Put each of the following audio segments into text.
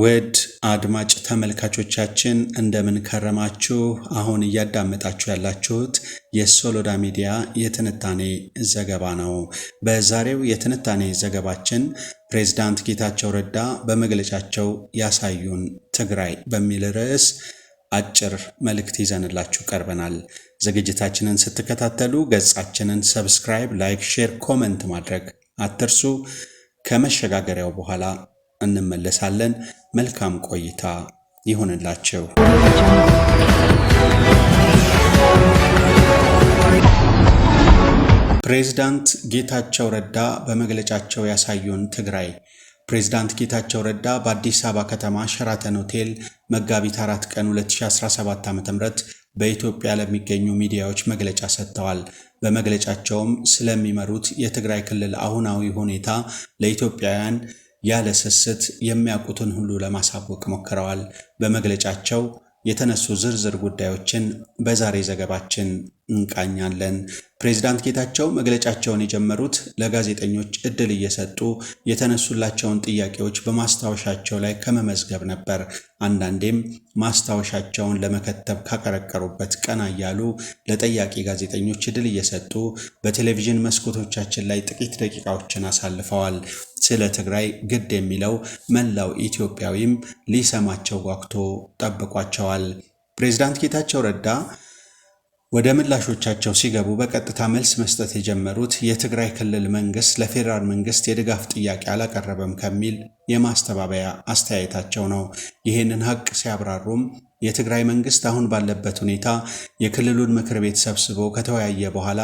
ውድ አድማጭ ተመልካቾቻችን እንደምን ከረማችሁ? አሁን እያዳመጣችሁ ያላችሁት የሶሎዳ ሚዲያ የትንታኔ ዘገባ ነው። በዛሬው የትንታኔ ዘገባችን ፕሬዝዳንት ጌታቸው ረዳ በመግለጫቸው ያሳዩን ትግራይ በሚል ርዕስ አጭር መልእክት ይዘንላችሁ ቀርበናል። ዝግጅታችንን ስትከታተሉ ገጻችንን ሰብስክራይብ፣ ላይክ፣ ሼር፣ ኮመንት ማድረግ አትርሱ። ከመሸጋገሪያው በኋላ እንመለሳለን። መልካም ቆይታ ይሆንላቸው። ፕሬዝዳንት ጌታቸው ረዳ በመግለጫቸው ያሳዩን ትግራይ። ፕሬዝዳንት ጌታቸው ረዳ በአዲስ አበባ ከተማ ሸራተን ሆቴል መጋቢት 4 ቀን 2017 ዓ ም በኢትዮጵያ ለሚገኙ ሚዲያዎች መግለጫ ሰጥተዋል። በመግለጫቸውም ስለሚመሩት የትግራይ ክልል አሁናዊ ሁኔታ ለኢትዮጵያውያን ያለ ስስት የሚያውቁትን ሁሉ ለማሳወቅ ሞክረዋል። በመግለጫቸው የተነሱ ዝርዝር ጉዳዮችን በዛሬ ዘገባችን እንቃኛለን። ፕሬዚዳንት ጌታቸው መግለጫቸውን የጀመሩት ለጋዜጠኞች እድል እየሰጡ የተነሱላቸውን ጥያቄዎች በማስታወሻቸው ላይ ከመመዝገብ ነበር። አንዳንዴም ማስታወሻቸውን ለመከተብ ካቀረቀሩበት ቀና እያሉ ለጠያቂ ጋዜጠኞች እድል እየሰጡ በቴሌቪዥን መስኮቶቻችን ላይ ጥቂት ደቂቃዎችን አሳልፈዋል። ስለ ትግራይ ግድ የሚለው መላው ኢትዮጵያዊም ሊሰማቸው ጓጉቶ ጠብቋቸዋል። ፕሬዚዳንት ጌታቸው ረዳ ወደ ምላሾቻቸው ሲገቡ በቀጥታ መልስ መስጠት የጀመሩት የትግራይ ክልል መንግስት ለፌዴራል መንግስት የድጋፍ ጥያቄ አላቀረበም ከሚል የማስተባበያ አስተያየታቸው ነው። ይህንን ሀቅ ሲያብራሩም የትግራይ መንግስት አሁን ባለበት ሁኔታ የክልሉን ምክር ቤት ሰብስቦ ከተወያየ በኋላ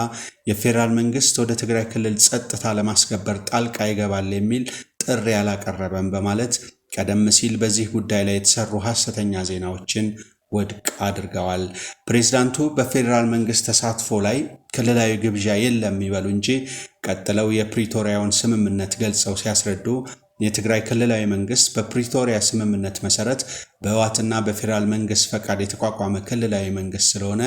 የፌዴራል መንግስት ወደ ትግራይ ክልል ጸጥታ ለማስከበር ጣልቃ ይገባል የሚል ጥሪ አላቀረበም በማለት ቀደም ሲል በዚህ ጉዳይ ላይ የተሰሩ ሐሰተኛ ዜናዎችን ውድቅ አድርገዋል። ፕሬዚዳንቱ በፌዴራል መንግስት ተሳትፎ ላይ ክልላዊ ግብዣ የለም ይበሉ እንጂ ቀጥለው የፕሪቶሪያውን ስምምነት ገልጸው ሲያስረዱ የትግራይ ክልላዊ መንግስት በፕሪቶሪያ ስምምነት መሰረት በህወሓትና በፌዴራል መንግስት ፈቃድ የተቋቋመ ክልላዊ መንግስት ስለሆነ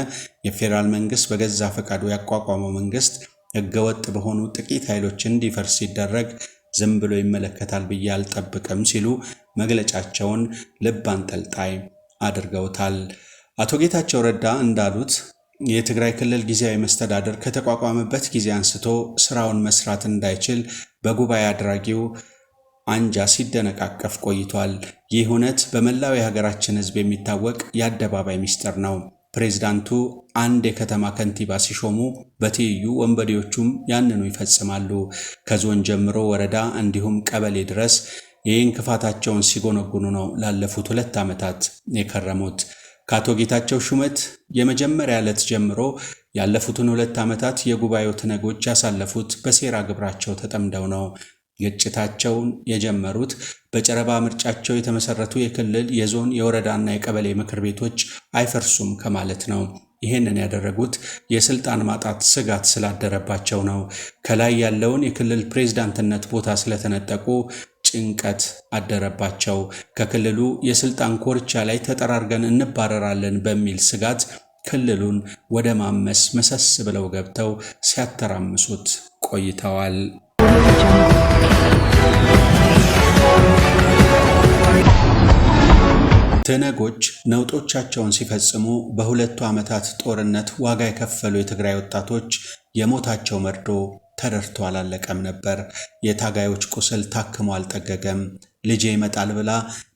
የፌዴራል መንግስት በገዛ ፈቃዱ ያቋቋመው መንግስት ህገወጥ በሆኑ ጥቂት ኃይሎች እንዲፈርስ ሲደረግ ዝም ብሎ ይመለከታል ብዬ አልጠብቅም ሲሉ መግለጫቸውን ልብ አንጠልጣይ አድርገውታል። አቶ ጌታቸው ረዳ እንዳሉት የትግራይ ክልል ጊዜያዊ መስተዳደር ከተቋቋመበት ጊዜ አንስቶ ስራውን መስራት እንዳይችል በጉባኤ አድራጊው አንጃ ሲደነቃቀፍ ቆይቷል። ይህ እውነት በመላው የሀገራችን ሕዝብ የሚታወቅ የአደባባይ ምስጢር ነው። ፕሬዚዳንቱ አንድ የከተማ ከንቲባ ሲሾሙ በትይዩ ወንበዴዎቹም ያንኑ ይፈጽማሉ። ከዞን ጀምሮ ወረዳ እንዲሁም ቀበሌ ድረስ ይህን ክፋታቸውን ሲጎነጉኑ ነው ላለፉት ሁለት ዓመታት የከረሙት። ከአቶ ጌታቸው ሹመት የመጀመሪያ ዕለት ጀምሮ ያለፉትን ሁለት ዓመታት የጉባኤው ትነጎች ያሳለፉት በሴራ ግብራቸው ተጠምደው ነው። ግጭታቸውን የጀመሩት በጨረባ ምርጫቸው የተመሰረቱ የክልል የዞን የወረዳና የቀበሌ ምክር ቤቶች አይፈርሱም ከማለት ነው። ይህንን ያደረጉት የስልጣን ማጣት ስጋት ስላደረባቸው ነው። ከላይ ያለውን የክልል ፕሬዝዳንትነት ቦታ ስለተነጠቁ ጭንቀት አደረባቸው። ከክልሉ የስልጣን ኮርቻ ላይ ተጠራርገን እንባረራለን በሚል ስጋት ክልሉን ወደ ማመስ መሰስ ብለው ገብተው ሲያተራምሱት ቆይተዋል። ትነጎች ነውጦቻቸውን ሲፈጽሙ በሁለቱ ዓመታት ጦርነት ዋጋ የከፈሉ የትግራይ ወጣቶች የሞታቸው መርዶ ተረድቶ አላለቀም ነበር። የታጋዮች ቁስል ታክሞ አልጠገገም። ልጄ ይመጣል ብላ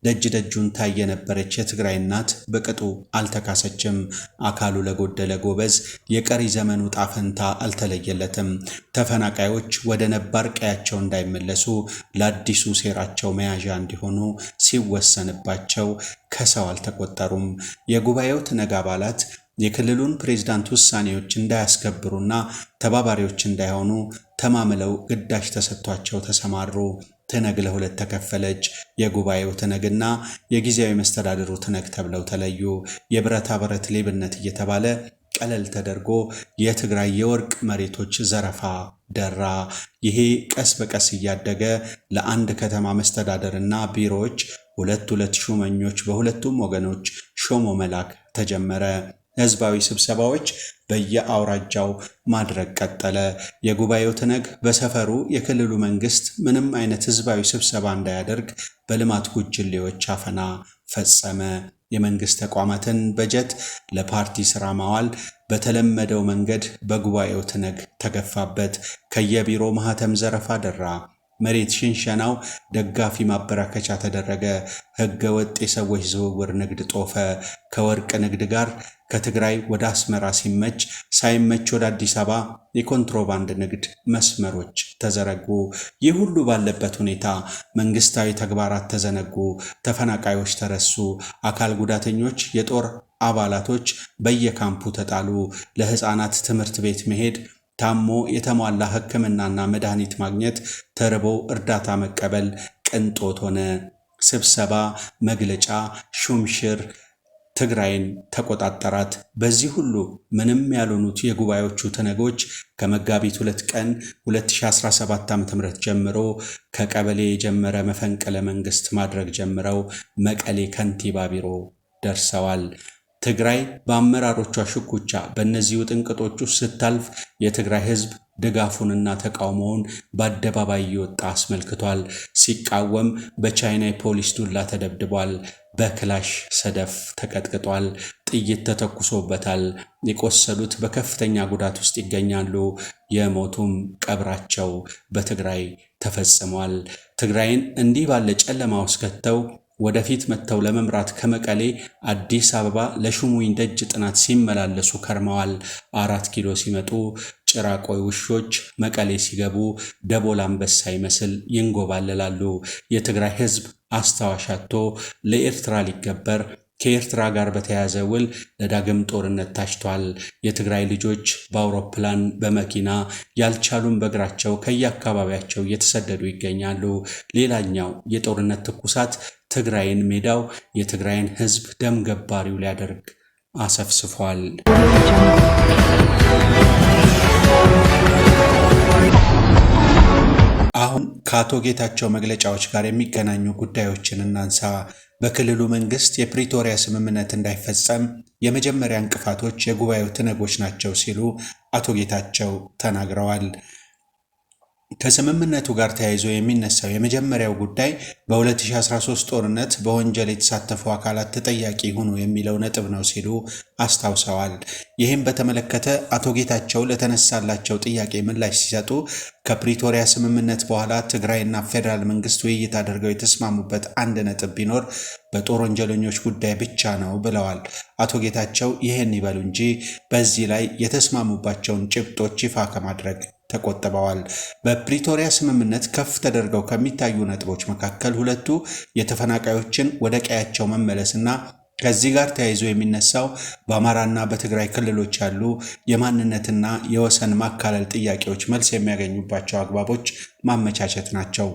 ደጅ ደጁን ታይ የነበረች የትግራይ እናት በቅጡ አልተካሰችም። አካሉ ለጎደለ ጎበዝ የቀሪ ዘመኑ ጣፈንታ አልተለየለትም። ተፈናቃዮች ወደ ነባር ቀያቸው እንዳይመለሱ ለአዲሱ ሴራቸው መያዣ እንዲሆኑ ሲወሰንባቸው ከሰው አልተቆጠሩም። የጉባኤው ትነግ አባላት የክልሉን ፕሬዝዳንት ውሳኔዎች እንዳያስከብሩና ተባባሪዎች እንዳይሆኑ ተማምለው ግዳጅ ተሰጥቷቸው ተሰማሩ። ትነግ ለሁለት ተከፈለች። የጉባኤው ትነግና የጊዜያዊ መስተዳድሩ ትነግ ተብለው ተለዩ። የብረታ ብረት ሌብነት እየተባለ ቀለል ተደርጎ የትግራይ የወርቅ መሬቶች ዘረፋ ደራ። ይሄ ቀስ በቀስ እያደገ ለአንድ ከተማ መስተዳደርና ቢሮዎች ሁለት ሁለት ሹመኞች በሁለቱም ወገኖች ሾሞ መላክ ተጀመረ። ህዝባዊ ስብሰባዎች በየአውራጃው ማድረግ ቀጠለ። የጉባኤው ትነግ በሰፈሩ የክልሉ መንግስት ምንም አይነት ህዝባዊ ስብሰባ እንዳያደርግ በልማት ጉጅሌዎች አፈና ፈጸመ። የመንግስት ተቋማትን በጀት ለፓርቲ ስራ ማዋል በተለመደው መንገድ በጉባኤው ትነግ ተገፋበት። ከየቢሮ ማህተም ዘረፋ ደራ። መሬት ሽንሸናው ደጋፊ ማበራከቻ ተደረገ። ህገ ወጥ የሰዎች ዝውውር ንግድ ጦፈ። ከወርቅ ንግድ ጋር ከትግራይ ወደ አስመራ ሲመች፣ ሳይመች ወደ አዲስ አበባ የኮንትሮባንድ ንግድ መስመሮች ተዘረጉ። ይህ ሁሉ ባለበት ሁኔታ መንግስታዊ ተግባራት ተዘነጉ፣ ተፈናቃዮች ተረሱ፣ አካል ጉዳተኞች፣ የጦር አባላቶች በየካምፑ ተጣሉ። ለህፃናት ትምህርት ቤት መሄድ ታሞ የተሟላ ሕክምናና መድኃኒት ማግኘት፣ ተርቦ እርዳታ መቀበል ቅንጦት ሆነ። ስብሰባ፣ መግለጫ፣ ሹምሽር ትግራይን ተቆጣጠራት። በዚህ ሁሉ ምንም ያልሆኑት የጉባኤዎቹ ተነጎች ከመጋቢት ሁለት ቀን 2017 ዓ.ም ጀምሮ ከቀበሌ የጀመረ መፈንቅለ መንግስት ማድረግ ጀምረው መቀሌ ከንቲባ ቢሮ ደርሰዋል። ትግራይ በአመራሮቿ ሽኩቻ በእነዚህ ውጥንቅጦች ውስጥ ስታልፍ የትግራይ ህዝብ ድጋፉንና ተቃውሞውን በአደባባይ እየወጣ አስመልክቷል። ሲቃወም በቻይና የፖሊስ ዱላ ተደብድቧል። በክላሽ ሰደፍ ተቀጥቅጧል። ጥይት ተተኩሶበታል። የቆሰሉት በከፍተኛ ጉዳት ውስጥ ይገኛሉ። የሞቱም ቀብራቸው በትግራይ ተፈጽሟል። ትግራይን እንዲህ ባለ ጨለማ ውስጥ ከተው ወደፊት መጥተው ለመምራት ከመቀሌ አዲስ አበባ ለሹሙኝ ደጅ ጥናት ሲመላለሱ ከርመዋል። አራት ኪሎ ሲመጡ ጭራቆይ ውሾች መቀሌ ሲገቡ ደቦል አንበሳ ይመስል ይንጎባለላሉ። የትግራይ ሕዝብ አስታዋሽ ለኤርትራ ሊገበር ከኤርትራ ጋር በተያያዘ ውል ለዳግም ጦርነት ታጭቷል። የትግራይ ልጆች በአውሮፕላን በመኪና ያልቻሉም በእግራቸው ከየአካባቢያቸው እየተሰደዱ ይገኛሉ። ሌላኛው የጦርነት ትኩሳት ትግራይን ሜዳው የትግራይን ሕዝብ ደም ገባሪው ሊያደርግ አሰፍስፏል። ከአቶ ጌታቸው መግለጫዎች ጋር የሚገናኙ ጉዳዮችን እናንሳ። በክልሉ መንግስት የፕሪቶሪያ ስምምነት እንዳይፈጸም የመጀመሪያ እንቅፋቶች የጉባኤው ትነጎች ናቸው ሲሉ አቶ ጌታቸው ተናግረዋል። ከስምምነቱ ጋር ተያይዞ የሚነሳው የመጀመሪያው ጉዳይ በ2013 ጦርነት በወንጀል የተሳተፉ አካላት ተጠያቂ ይሁኑ የሚለው ነጥብ ነው ሲሉ አስታውሰዋል። ይህም በተመለከተ አቶ ጌታቸው ለተነሳላቸው ጥያቄ ምላሽ ሲሰጡ ከፕሪቶሪያ ስምምነት በኋላ ትግራይና ፌዴራል መንግስት ውይይት አድርገው የተስማሙበት አንድ ነጥብ ቢኖር በጦር ወንጀለኞች ጉዳይ ብቻ ነው ብለዋል። አቶ ጌታቸው ይህን ይበሉ እንጂ በዚህ ላይ የተስማሙባቸውን ጭብጦች ይፋ ከማድረግ ተቆጥበዋል። በፕሪቶሪያ ስምምነት ከፍ ተደርገው ከሚታዩ ነጥቦች መካከል ሁለቱ የተፈናቃዮችን ወደ ቀያቸው መመለስና ከዚህ ጋር ተያይዞ የሚነሳው በአማራና በትግራይ ክልሎች ያሉ የማንነትና የወሰን ማካለል ጥያቄዎች መልስ የሚያገኙባቸው አግባቦች ማመቻቸት ናቸው።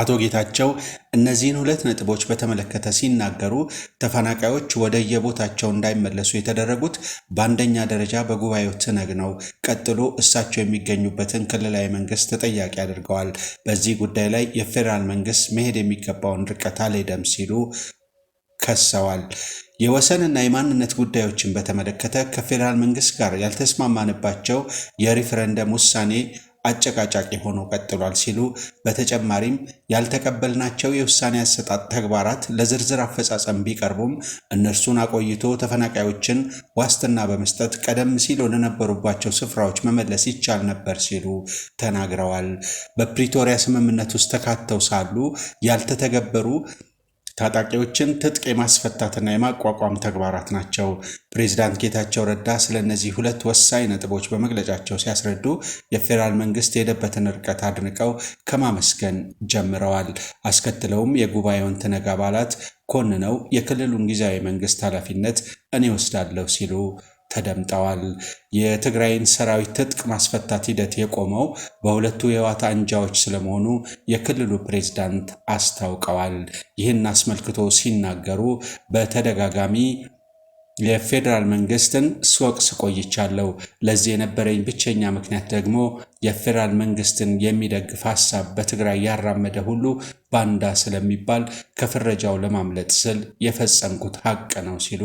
አቶ ጌታቸው እነዚህን ሁለት ነጥቦች በተመለከተ ሲናገሩ ተፈናቃዮች ወደ የቦታቸው እንዳይመለሱ የተደረጉት በአንደኛ ደረጃ በጉባኤው ትነግ ነው። ቀጥሎ እሳቸው የሚገኙበትን ክልላዊ መንግስት ተጠያቂ አድርገዋል። በዚህ ጉዳይ ላይ የፌዴራል መንግስት መሄድ የሚገባውን ርቀት አልሄደም ሲሉ ከሰዋል። የወሰንና የማንነት ጉዳዮችን በተመለከተ ከፌዴራል መንግስት ጋር ያልተስማማንባቸው የሪፍረንደም ውሳኔ አጨቃጫቂ ሆኖ ቀጥሏል ሲሉ በተጨማሪም ያልተቀበልናቸው የውሳኔ አሰጣጥ ተግባራት ለዝርዝር አፈጻጸም ቢቀርቡም እነርሱን አቆይቶ ተፈናቃዮችን ዋስትና በመስጠት ቀደም ሲል ወደነበሩባቸው ስፍራዎች መመለስ ይቻል ነበር ሲሉ ተናግረዋል። በፕሪቶሪያ ስምምነት ውስጥ ተካተው ሳሉ ያልተተገበሩ ታጣቂዎችን ትጥቅ የማስፈታትና የማቋቋም ተግባራት ናቸው። ፕሬዚዳንት ጌታቸው ረዳ ስለ እነዚህ ሁለት ወሳኝ ነጥቦች በመግለጫቸው ሲያስረዱ የፌዴራል መንግስት የሄደበትን ርቀት አድንቀው ከማመስገን ጀምረዋል። አስከትለውም የጉባኤውን ትነግ አባላት ኮንነው የክልሉን ጊዜያዊ መንግስት ኃላፊነት እኔ ወስዳለሁ ሲሉ ተደምጠዋል። የትግራይን ሰራዊት ትጥቅ ማስፈታት ሂደት የቆመው በሁለቱ የህወሓት አንጃዎች ስለመሆኑ የክልሉ ፕሬዝዳንት አስታውቀዋል። ይህን አስመልክቶ ሲናገሩ በተደጋጋሚ የፌዴራል መንግስትን ስወቅስ ቆይቻለሁ። ለዚህ የነበረኝ ብቸኛ ምክንያት ደግሞ የፌዴራል መንግስትን የሚደግፍ ሀሳብ በትግራይ ያራመደ ሁሉ ባንዳ ስለሚባል ከፍረጃው ለማምለጥ ስል የፈጸምኩት ሀቅ ነው ሲሉ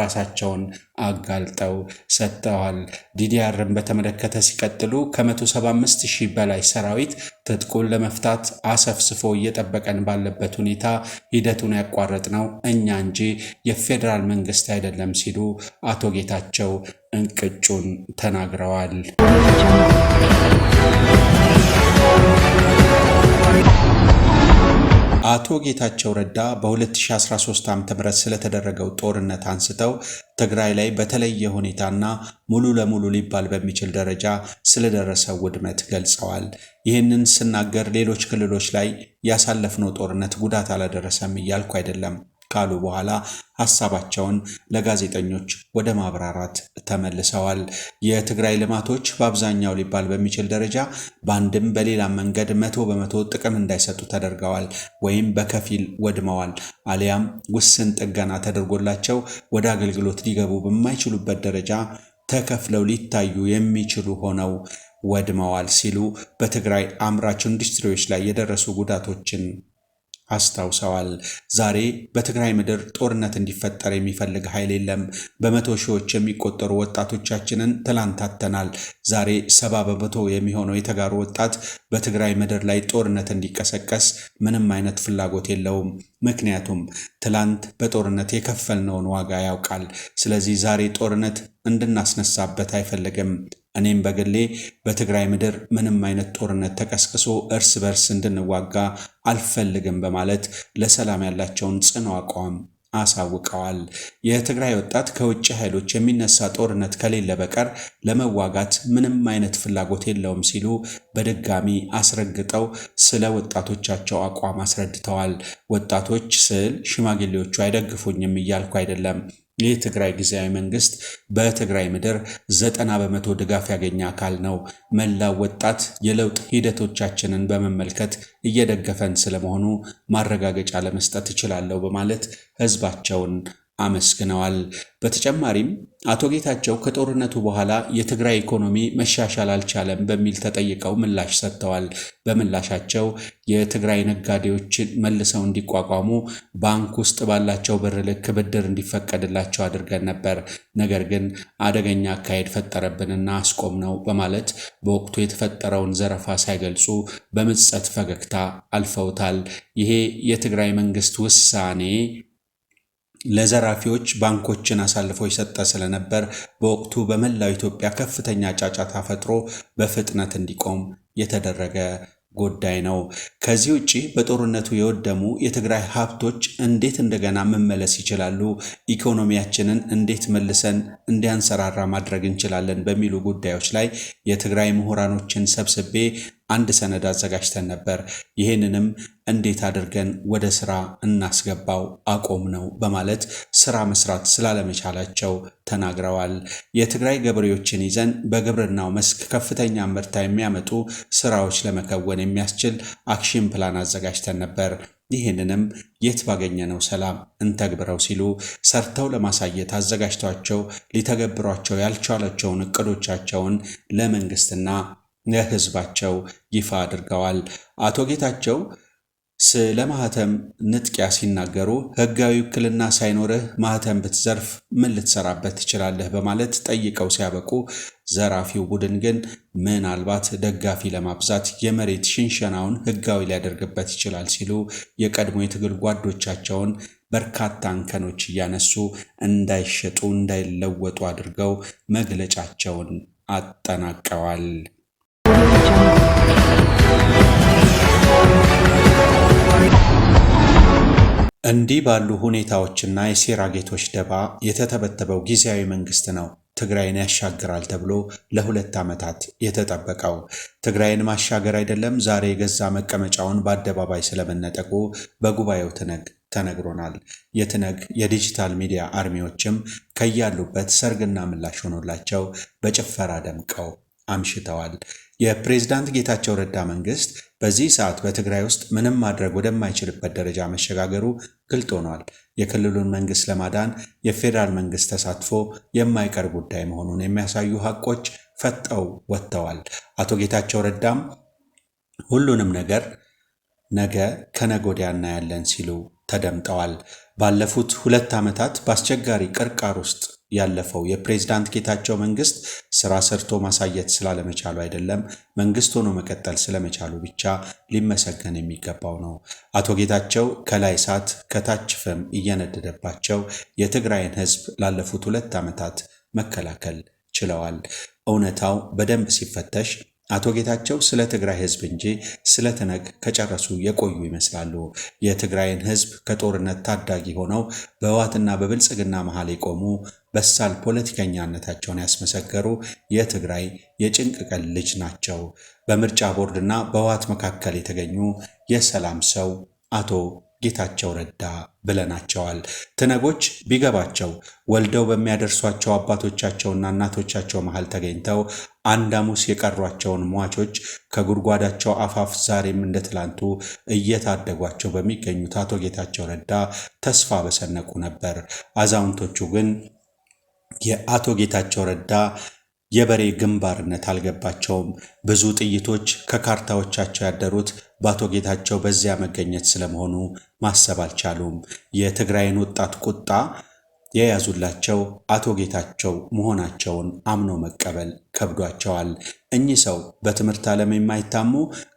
ራሳቸውን አጋልጠው ሰጥተዋል። ዲዲአርን በተመለከተ ሲቀጥሉ ከ175 ሺህ በላይ ሰራዊት ትጥቁን ለመፍታት አሰፍስፎ እየጠበቀን ባለበት ሁኔታ ሂደቱን ያቋረጥ ነው እኛ እንጂ የፌዴራል መንግስት አይደለም ሲሉ አቶ ጌታቸው እንቅጩን ተናግረዋል። አቶ ጌታቸው ረዳ በ2013 ዓ.ም ስለተደረገው ጦርነት አንስተው ትግራይ ላይ በተለየ ሁኔታና ሙሉ ለሙሉ ሊባል በሚችል ደረጃ ስለደረሰው ውድመት ገልጸዋል። ይህንን ስናገር ሌሎች ክልሎች ላይ ያሳለፍነው ጦርነት ጉዳት አላደረሰም እያልኩ አይደለም። ካሉ በኋላ ሀሳባቸውን ለጋዜጠኞች ወደ ማብራራት ተመልሰዋል። የትግራይ ልማቶች በአብዛኛው ሊባል በሚችል ደረጃ በአንድም በሌላ መንገድ መቶ በመቶ ጥቅም እንዳይሰጡ ተደርገዋል ወይም በከፊል ወድመዋል አሊያም ውስን ጥገና ተደርጎላቸው ወደ አገልግሎት ሊገቡ በማይችሉበት ደረጃ ተከፍለው ሊታዩ የሚችሉ ሆነው ወድመዋል ሲሉ በትግራይ አምራች ኢንዱስትሪዎች ላይ የደረሱ ጉዳቶችን አስታውሰዋል። ዛሬ በትግራይ ምድር ጦርነት እንዲፈጠር የሚፈልግ ኃይል የለም። በመቶ ሺዎች የሚቆጠሩ ወጣቶቻችንን ትላንት አጥተናል። ዛሬ ሰባ በመቶ የሚሆነው የተጋሩ ወጣት በትግራይ ምድር ላይ ጦርነት እንዲቀሰቀስ ምንም አይነት ፍላጎት የለውም። ምክንያቱም ትላንት በጦርነት የከፈልነውን ዋጋ ያውቃል። ስለዚህ ዛሬ ጦርነት እንድናስነሳበት አይፈልግም። እኔም በግሌ በትግራይ ምድር ምንም አይነት ጦርነት ተቀስቅሶ እርስ በርስ እንድንዋጋ አልፈልግም በማለት ለሰላም ያላቸውን ጽኑ አቋም አሳውቀዋል። የትግራይ ወጣት ከውጭ ኃይሎች የሚነሳ ጦርነት ከሌለ በቀር ለመዋጋት ምንም አይነት ፍላጎት የለውም ሲሉ በድጋሚ አስረግጠው ስለ ወጣቶቻቸው አቋም አስረድተዋል። ወጣቶች ስል ሽማግሌዎቹ አይደግፉኝም እያልኩ አይደለም የትግራይ ጊዜያዊ መንግስት በትግራይ ምድር ዘጠና በመቶ ድጋፍ ያገኘ አካል ነው። መላው ወጣት የለውጥ ሂደቶቻችንን በመመልከት እየደገፈን ስለመሆኑ ማረጋገጫ ለመስጠት እችላለሁ በማለት ህዝባቸውን አመስግነዋል። በተጨማሪም አቶ ጌታቸው ከጦርነቱ በኋላ የትግራይ ኢኮኖሚ መሻሻል አልቻለም በሚል ተጠይቀው ምላሽ ሰጥተዋል። በምላሻቸው የትግራይ ነጋዴዎች መልሰው እንዲቋቋሙ ባንክ ውስጥ ባላቸው ብር ልክ ብድር እንዲፈቀድላቸው አድርገን ነበር፣ ነገር ግን አደገኛ አካሄድ ፈጠረብንና አስቆም ነው በማለት በወቅቱ የተፈጠረውን ዘረፋ ሳይገልጹ በምጸት ፈገግታ አልፈውታል። ይሄ የትግራይ መንግስት ውሳኔ ለዘራፊዎች ባንኮችን አሳልፎ ይሰጠ ስለነበር በወቅቱ በመላው ኢትዮጵያ ከፍተኛ ጫጫታ ፈጥሮ በፍጥነት እንዲቆም የተደረገ ጉዳይ ነው። ከዚህ ውጪ በጦርነቱ የወደሙ የትግራይ ሀብቶች እንዴት እንደገና መመለስ ይችላሉ? ኢኮኖሚያችንን እንዴት መልሰን እንዲያንሰራራ ማድረግ እንችላለን? በሚሉ ጉዳዮች ላይ የትግራይ ምሁራኖችን ሰብስቤ አንድ ሰነድ አዘጋጅተን ነበር። ይህንንም እንዴት አድርገን ወደ ስራ እናስገባው አቆም ነው በማለት ስራ መስራት ስላለመቻላቸው ተናግረዋል። የትግራይ ገበሬዎችን ይዘን በግብርናው መስክ ከፍተኛ ምርታ የሚያመጡ ስራዎች ለመከወን የሚያስችል አክሽን ፕላን አዘጋጅተን ነበር። ይህንንም የት ባገኘነው ሰላም እንተግብረው ሲሉ ሰርተው ለማሳየት አዘጋጅቷቸው ሊተገብሯቸው ያልቻላቸውን እቅዶቻቸውን ለመንግስትና ለህዝባቸው ይፋ አድርገዋል። አቶ ጌታቸው ስለ ማህተም ንጥቂያ ሲናገሩ ህጋዊ ውክልና ሳይኖርህ ማህተም ብትዘርፍ ምን ልትሰራበት ትችላለህ? በማለት ጠይቀው ሲያበቁ ዘራፊው ቡድን ግን ምናልባት ደጋፊ ለማብዛት የመሬት ሽንሸናውን ህጋዊ ሊያደርግበት ይችላል ሲሉ የቀድሞ የትግል ጓዶቻቸውን በርካታ እንከኖች እያነሱ እንዳይሸጡ እንዳይለወጡ አድርገው መግለጫቸውን አጠናቀዋል። እንዲህ ባሉ ሁኔታዎችና የሴራ ጌቶች ደባ የተተበተበው ጊዜያዊ መንግስት ነው ትግራይን ያሻግራል ተብሎ ለሁለት ዓመታት የተጠበቀው። ትግራይን ማሻገር አይደለም ዛሬ የገዛ መቀመጫውን በአደባባይ ስለመነጠቁ በጉባኤው ትነግ ተነግሮናል። የትነግ የዲጂታል ሚዲያ አርሚዎችም ከያሉበት ሰርግና ምላሽ ሆኖላቸው በጭፈራ ደምቀው አምሽተዋል። የፕሬዝዳንት ጌታቸው ረዳ መንግስት በዚህ ሰዓት በትግራይ ውስጥ ምንም ማድረግ ወደማይችልበት ደረጃ መሸጋገሩ ግልጥ ሆኗል። የክልሉን መንግስት ለማዳን የፌዴራል መንግስት ተሳትፎ የማይቀር ጉዳይ መሆኑን የሚያሳዩ ሀቆች ፈጠው ወጥተዋል። አቶ ጌታቸው ረዳም ሁሉንም ነገር ነገ ከነጎዲያ እናያለን ሲሉ ተደምጠዋል። ባለፉት ሁለት ዓመታት በአስቸጋሪ ቅርቃር ውስጥ ያለፈው የፕሬዝዳንት ጌታቸው መንግስት ስራ ሰርቶ ማሳየት ስላለመቻሉ አይደለም፣ መንግስት ሆኖ መቀጠል ስለመቻሉ ብቻ ሊመሰገን የሚገባው ነው። አቶ ጌታቸው ከላይ እሳት ከታች ፍም እየነደደባቸው የትግራይን ህዝብ ላለፉት ሁለት ዓመታት መከላከል ችለዋል። እውነታው በደንብ ሲፈተሽ አቶ ጌታቸው ስለ ትግራይ ህዝብ እንጂ ስለ ትነግ ከጨረሱ የቆዩ ይመስላሉ። የትግራይን ህዝብ ከጦርነት ታዳጊ ሆነው በህወሓትና በብልጽግና መሃል የቆሙ በሳል ፖለቲከኛነታቸውን ያስመሰከሩ የትግራይ የጭንቅ ቀን ልጅ ናቸው። በምርጫ ቦርድና በህወሓት መካከል የተገኙ የሰላም ሰው አቶ ጌታቸው ረዳ ብለናቸዋል። ትነጎች ቢገባቸው ወልደው በሚያደርሷቸው አባቶቻቸውና እናቶቻቸው መሃል ተገኝተው አንድ የቀሯቸውን ሟቾች ከጉድጓዳቸው አፋፍ ዛሬም እንደ ትላንቱ እየታደጓቸው በሚገኙት አቶ ጌታቸው ረዳ ተስፋ በሰነቁ ነበር። አዛውንቶቹ ግን የአቶ ጌታቸው ረዳ የበሬ ግንባርነት አልገባቸውም። ብዙ ጥይቶች ከካርታዎቻቸው ያደሩት በአቶ ጌታቸው በዚያ መገኘት ስለመሆኑ ማሰብ አልቻሉም። የትግራይን ወጣት ቁጣ የያዙላቸው አቶ ጌታቸው መሆናቸውን አምኖ መቀበል ከብዷቸዋል። እኚህ ሰው በትምህርት ዓለም የማይታሙ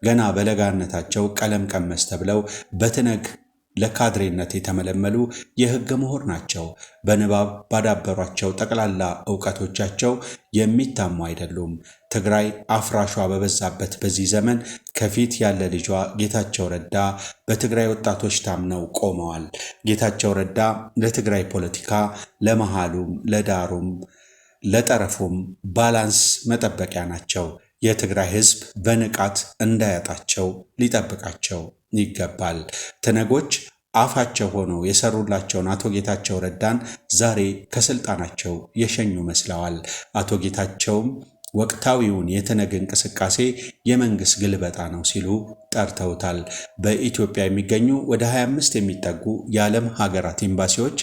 ገና በለጋነታቸው ቀለም ቀመስ ተብለው በትነግ ለካድሬነት የተመለመሉ የሕግ ምሁር ናቸው። በንባብ ባዳበሯቸው ጠቅላላ እውቀቶቻቸው የሚታሙ አይደሉም። ትግራይ አፍራሿ በበዛበት በዚህ ዘመን ከፊት ያለ ልጇ ጌታቸው ረዳ በትግራይ ወጣቶች ታምነው ቆመዋል። ጌታቸው ረዳ ለትግራይ ፖለቲካ ለመሃሉም ለዳሩም ለጠረፉም ባላንስ መጠበቂያ ናቸው። የትግራይ ህዝብ በንቃት እንዳያጣቸው ሊጠብቃቸው ይገባል። ትነጎች አፋቸው ሆነው የሰሩላቸውን አቶ ጌታቸው ረዳን ዛሬ ከስልጣናቸው የሸኙ መስለዋል። አቶ ጌታቸውም ወቅታዊውን የትነግ እንቅስቃሴ የመንግስት ግልበጣ ነው ሲሉ ጠርተውታል። በኢትዮጵያ የሚገኙ ወደ 25 የሚጠጉ የዓለም ሀገራት ኤምባሲዎች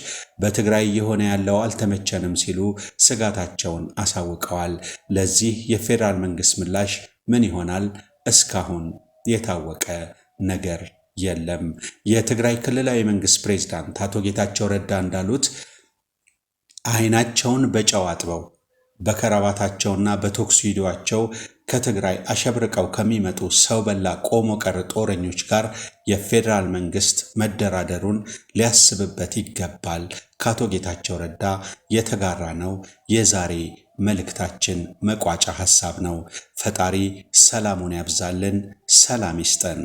በትግራይ እየሆነ ያለው አልተመቸንም ሲሉ ስጋታቸውን አሳውቀዋል። ለዚህ የፌዴራል መንግስት ምላሽ ምን ይሆናል? እስካሁን የታወቀ ነገር የለም። የትግራይ ክልላዊ መንግስት ፕሬዝዳንት አቶ ጌታቸው ረዳ እንዳሉት አይናቸውን በጨው አጥበው በከረባታቸውና በቶክሲዶቸው ከትግራይ አሸብርቀው ከሚመጡ ሰው በላ ቆሞ ቀር ጦረኞች ጋር የፌዴራል መንግስት መደራደሩን ሊያስብበት ይገባል። ከአቶ ጌታቸው ረዳ የተጋራ ነው የዛሬ መልእክታችን መቋጫ ሐሳብ ነው። ፈጣሪ ሰላሙን ያብዛልን፣ ሰላም ይስጠን።